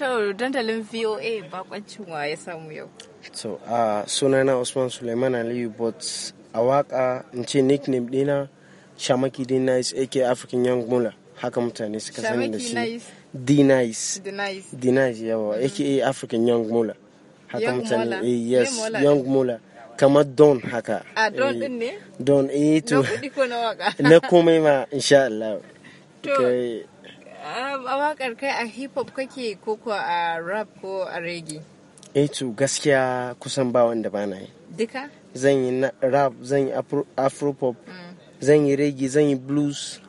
To dandalin VOA bakwancin wa ya samu yau. So uh, sunana Usman Suleiman Aliyu but a waka in ce nickname dina Shamaki D Nice aka African Young Mula haka mutane suka sani da shi. D Nice. D Nice yawa aka mm. African Young Mula. Haka mutane eh yes Young Mula. kamar don haka. A ah, don eh, din ne? Don eh to. Na kudi ko na waka? Na komai ma insha Allah. To. Um, a wakar kai a hip hop kake ko ko a rap ko a reggae eh to gaskiya kusan ba wanda na yi duka zan yi rap zan yi afro pop mm. zan yi reggae zan yi blues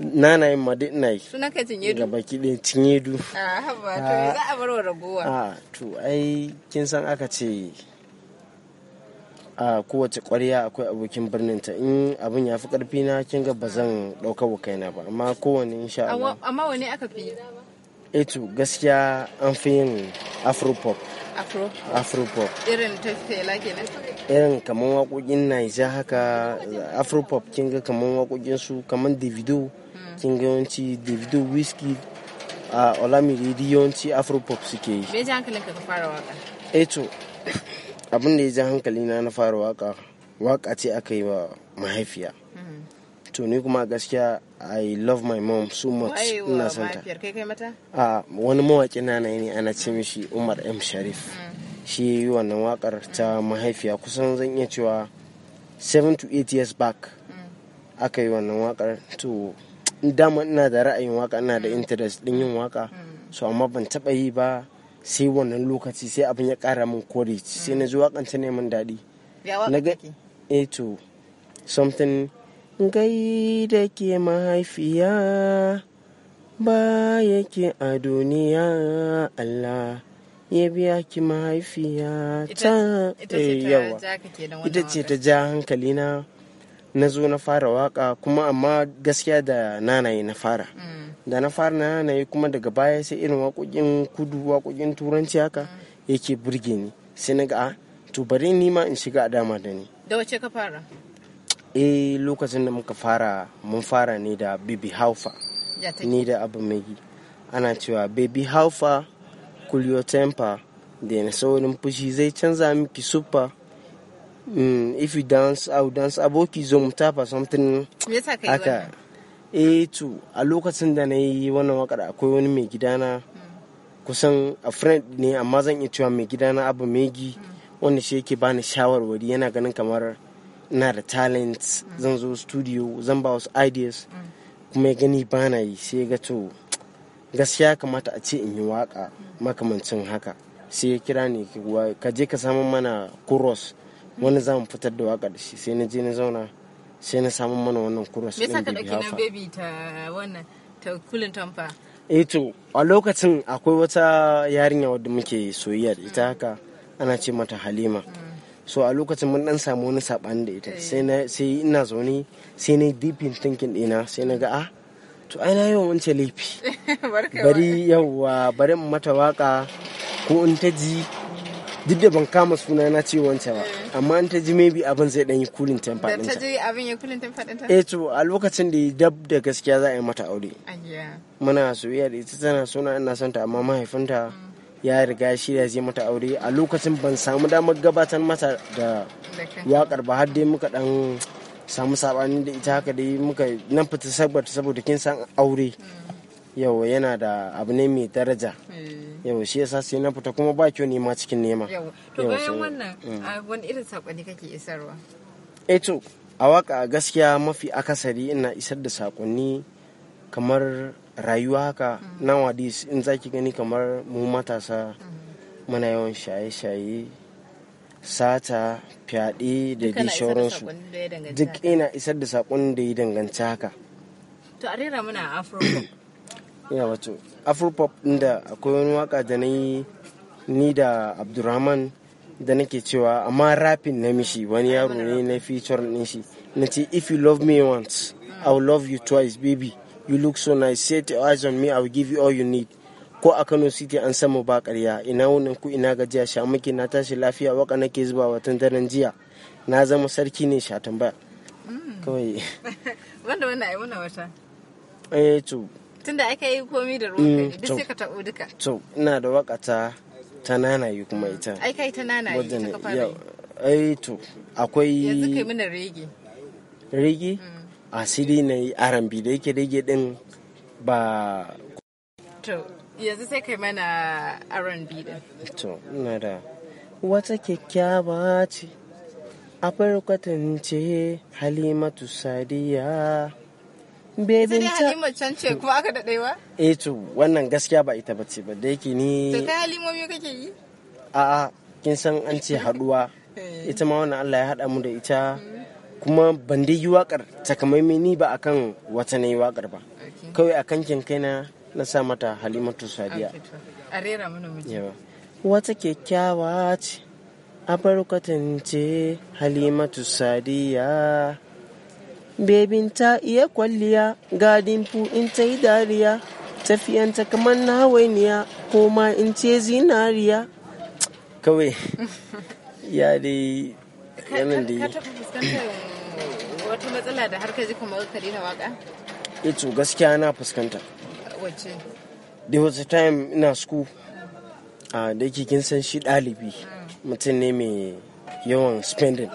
na yi madi na yi suna ka cinyedu ga din tinye du a ah, haba to ah. za a bar wa ragowa a ah, to ai kin san aka ce a kowace kwarya akwai abokin birnin ta in abin ya fi karfi na kin ga ba zan dauka wa kaina ba amma kowane insha Allah amma wane aka fi eto eh gaskiya an fi yin afropop afropop irin ta fela kenan irin kaman waƙoƙin naija haka afropop kin ga kaman waƙoƙin su kaman davido hmm. kin ga yawanci davido whiskey a olamide yawanci afropop suke yi me ji hankalinka ka fara waka eto eh abin da ya ji hankali na na fara waka waka ce aka yi wa mahaifiya to ni kuma gaskiya i love my mom so much ina son ta a wani mawaki na ne ana ce mishi umar m sharif mm. shi yi wannan wakar ta mahaifiya kusan zan iya cewa 7 to 8 years back mm. aka yi wannan wakar to dama ina da ra'ayin waka ina da mm. interest din yin waka so amma ban taba yi ba sai wannan lokaci sai abin ya kara min kore sai na zuwa kanta ta neman daɗi na ga eto something gai da ke mahaifiya ba yake a duniya Allah ya biya ki mahaifiya eh, ta yawa ita ce ta ja hankali na na zo na fara waka kuma amma gaskiya da nanaye na fara mm. da na fara nanaye kuma daga baya sai irin waƙoƙin kudu waƙoƙin turanci haka yake burge ni sai na ga ah, to bari ni ma in shiga a dama da ni da wace ka fara eh lokacin da muka fara mun fara ne da bibi haufa ni da abu mai ana cewa baby haufa kuliyo temper da saurin fushi zai canza miki super Hmm, if you dance, I will dance. Aboki zomta or something. Yes, Eh to a lokacin da na yi wannan wakar akwai wani mai gidana kusan a friend ne amma zan iya cewa mai gidana abu megi wanda shi yake bani shawarwari yana ganin kamar na da talent zan zo studio zan ba wasu ideas kuma ya gani bana yi sai ga to gaskiya kamata a ce in yi waka makamancin haka sai ya kira ni ka je ka samu mana kuros wani mu fitar da waka da shi sai na je na zauna sai na samu mana wannan kura su ɗin hafa baby ta wannan ta kulin tamfa eh to a lokacin akwai wata yarinya wadda muke soyayya da ita haka ana ce mata halima mm. so a lokacin mun dan samu wani saɓani da ita eh. sai ina zaune sai na deep thinking dina sai na ga a ah, to ai na yawan wance laifi bari yawa bari mata waka ko in ta ji duk da ban kama suna na ce wance ba eh. amma in ta ji maybe abin zai dan yi kulin temper ɗinta. Da ta ji abin ya kulin temper ɗinta? Eh to a lokacin da dab da gaskiya za a yi mata aure. Ah, Muna soyayya da ita tana suna ina son ta amma mahaifinta mm. ya riga shi ya zai mata aure a lokacin ban samu damar gabatar mata da wakar ba har dai muka dan samu sabani da ita haka dai muka nan fita saboda saboda kin san aure. Mm. yau yana da abu ne mai daraja eh. yau shi yasa sai na fita kuma ba kyau nema cikin nema yau to bayan wannan mm. wani irin sakonni kake isarwa eto eh to a waka gaskiya mafi akasari ina isar da sakonni kamar rayuwa haka mm. na wadi in zaki gani kamar mu matasa mm. muna yawan shaye-shaye sata fyaɗe da dai sauransu duk ina isar da sakon da ya danganci haka to a rera muna afro ya wato afropop inda akwai wani waka da na yi ni da abdurrahman da nake cewa amma rapin na mishi wani yaro ne na feature din shi na ce if you love me once i will love you twice baby you look so nice set your eyes on me i will give you all you need ko a kano city an samu ba karya ina wunin ku ina gajiya sha muke na tashi lafiya waka nake zuba watan daren jiya na zama sarki ne sha tambaya mm. kawai wanda wannan ai wata eh to tunda aka yi komi da ruwan mm, duk sai ka taɓo duka to ina da waka ta ta nanayi kuma ita ai kai ta nanayi ta kafa ai to akwai yanzu kai mana rege rege mm. a sidi na yi R&B da yake rege din ba to yanzu sai kai mana R&B din to ina da wata kyakkyawa ce a farkwatance halimatu sadiya bai bin ta halima can ce kuma aka daɗewa? eh to wannan gaskiya ba ita bace ba da yake ni to ta halimomi kake yi a'a kin san an ce haɗuwa. Eh. ita ma wannan Allah ya haɗa mu da ita kuma ban dai yi waƙar takamaimai ni ba akan wata na yi waƙar ba kawai akan kin kaina na sa mata halimatu sadiya a rera mana miji wata kyakkyawa ce a barkatance halimatu sadiya ta iya kwalliya gadin fu in ta yi dariya tafiyanta kamar na hawainiya ko ma in ce zinariya kawai ya dai yanin da yi wata matsala da har ka ji kuma ka daina waka ito eh gaskiya na fuskanta Wace? da wata time ina suku. a da yake kin san shi ɗalibi mm. mutum ne mai yawan spending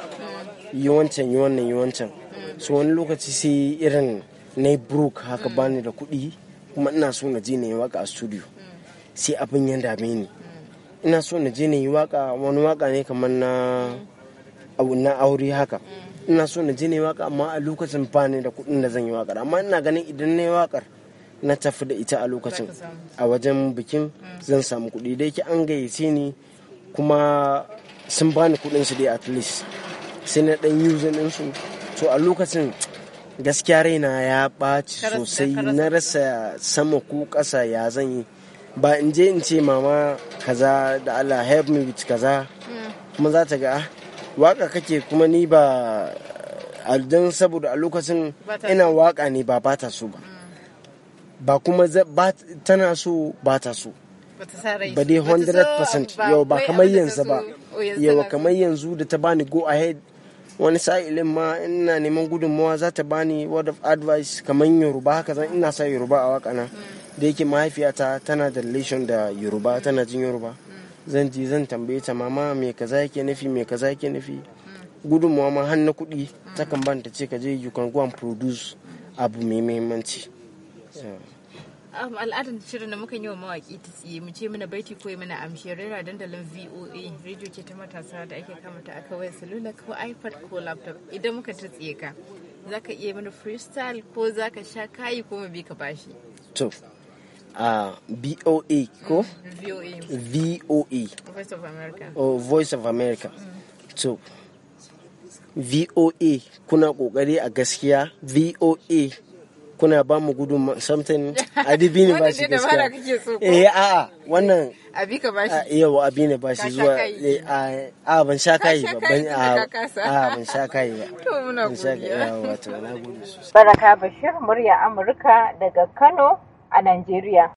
yi wancan yi wannan yi wancan so wani lokaci sai irin na broke haka mm. bani da kuɗi kuma ina so na je na yi waka a studio mm. sai abin ya dame ni mm. ina so na je na yi waka wani waka ne kamar na na aure haka ina so na je na yi waka amma a lokacin bani da kuɗin da zan yi wakar amma ina ganin idan na yi wakar na tafi da ita a lokacin a wajen bikin zan samu kuɗi da yake an gayyace ni kuma sun bani kuɗin su dai at least sai na ɗan using ɗinsu to a lokacin gaskiya raina ya ɓaci sosai na rasa sama ko ƙasa ya zan yi ba in je in ce mama kaza da Allah help me with kaza mm. kuma za ta ga ah, waka kake kuma ni ba aljan saboda a lokacin ina waka ne ba ba ta so ba mm. ba kuma tana so ba ta so ba dai 100% yau ba kamar yanzu ba oh, yau kamar yanzu da ta bani go ahead wani sa'ilin ma ina neman gudunmawa za ta bani word of advice kamar yoruba haka zan ina sa yoruba a waka na da yake mahaifiyata tana da relation da yoruba tana jin yoruba zan ji zan tambaye ta mama me kaza yake nufi me kaza yake nufi gudunmawa ma har na kuɗi takan ban ta ce ka je you can go and produce abu mai muhimmanci. Um, al'adar shirin da muka yi wa mawaki ta tsiye mu ce mana baiti ko mana amshi rera dandalin VOA radio ce ta matasa da ake kamata aka wayar salula ko iPad ko laptop idan muka ta tsiye ka za ka iya mana freestyle ko za ka sha kayi ko mabi bi ka bashi to a voa ko VOA VOA Voice of America oh Voice of America to VOA kuna kokari a gaskiya VOA kuna ba mu gudu something dibi ne ba shi gaskiya eh, eh a a wannan abi ka ba shi yau abi ne ba shi zuwa a ban sha kai ba ban a ban sha kai ba to muna sosai. baraka bashir murya amurka daga kano a najeriya